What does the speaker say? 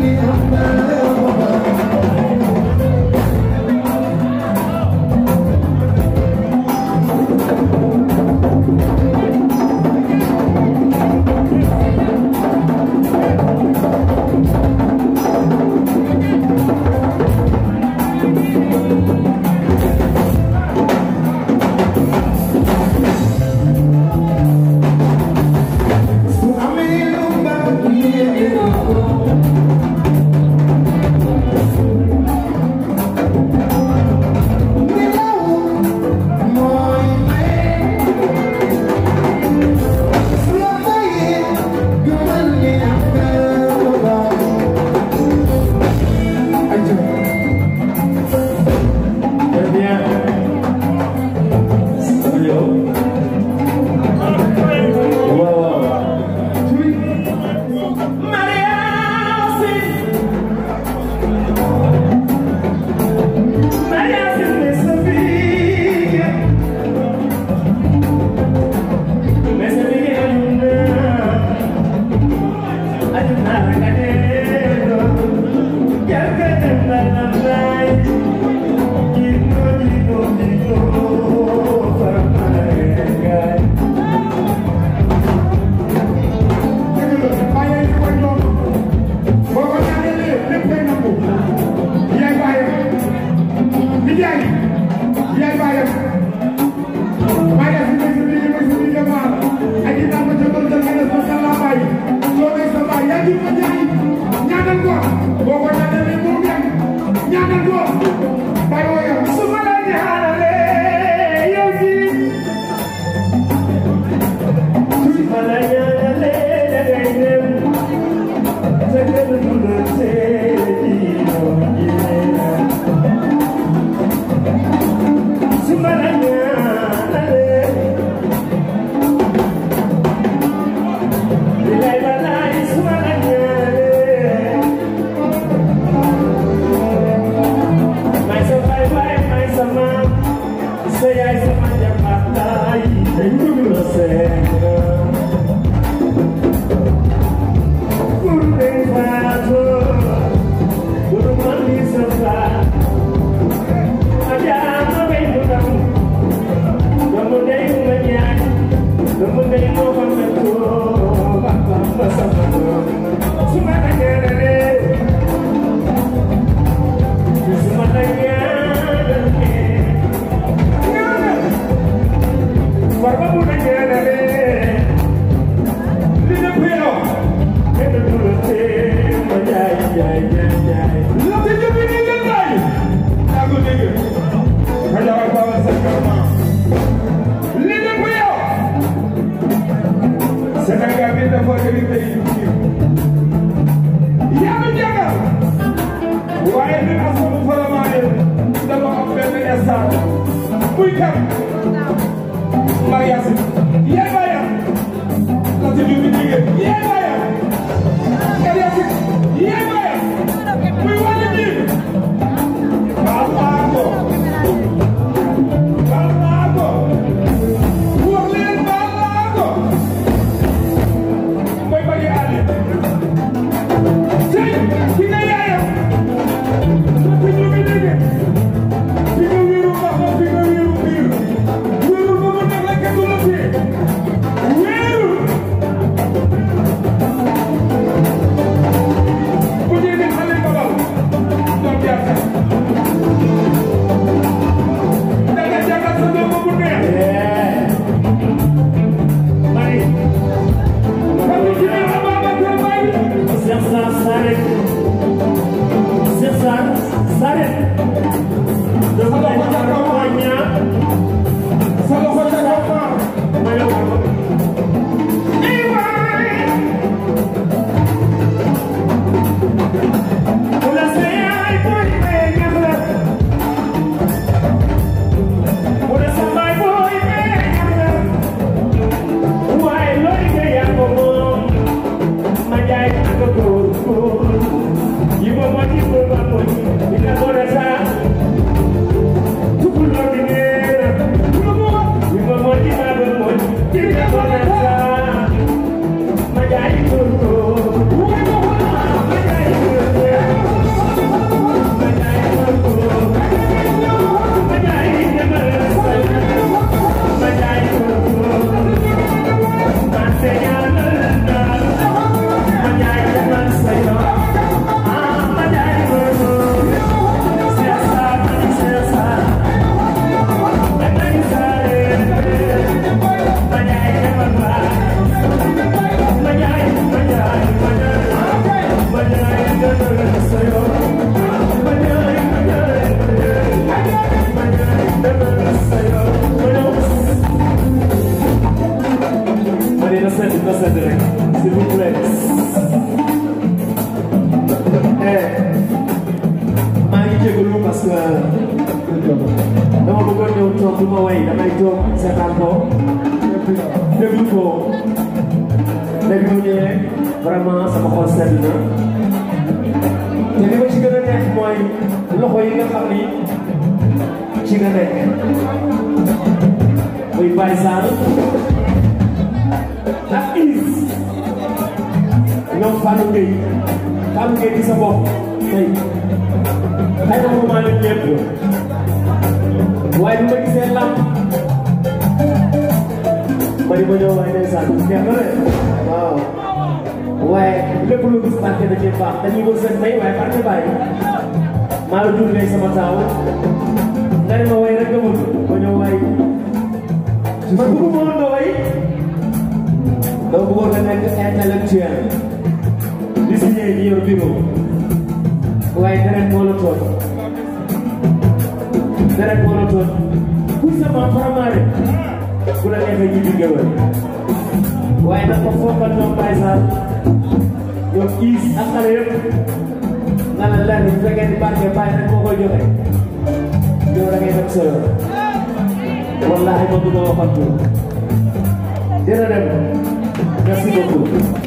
Thank you. yow boo ko ñaanal mu dem ñaanal ko sa yaay sama jàmbaar laay Maria Sarr muy kan Maria Sarr yéen Maria la ci biir bi jigéen émission bu ma way damay jóg seetaan ko déglu ko déglu mu ñëwee vraiment sama xol sedd na te li ma ci gën a neex mooy loxo yi nga xam ni ci nga nekk muy Baye Sall ak Is ñoom Fallou Gueye Fallou Gueye di sa bopp tey ay na moment yëpp waaye bi ma gisee làmb ma di ma ñëw waaye ndeysaan neex na de waaw waaye lépp lu gis barke da cee baax dañuy wër seen may waaye barke bàyyi maa la jur ngay sama taaw nga ma way rek nga mën ma ñëw waaye ma mënoon nga way dama bëggoon nga nekk intellectuel di signé di yor bureau waaye deret moo la nga rek war a toog pour sama faramaare bu la neexee ñu di géwél waaye nag ko fokkal ñoom Baye Sarr ñoom Iis ak xale yëpp nga la leer bu fekkee ni barke Baye rek moo koy joxe yow da ngay dem solo wallaahi moom du ma waxoon dina dem merci beaucoup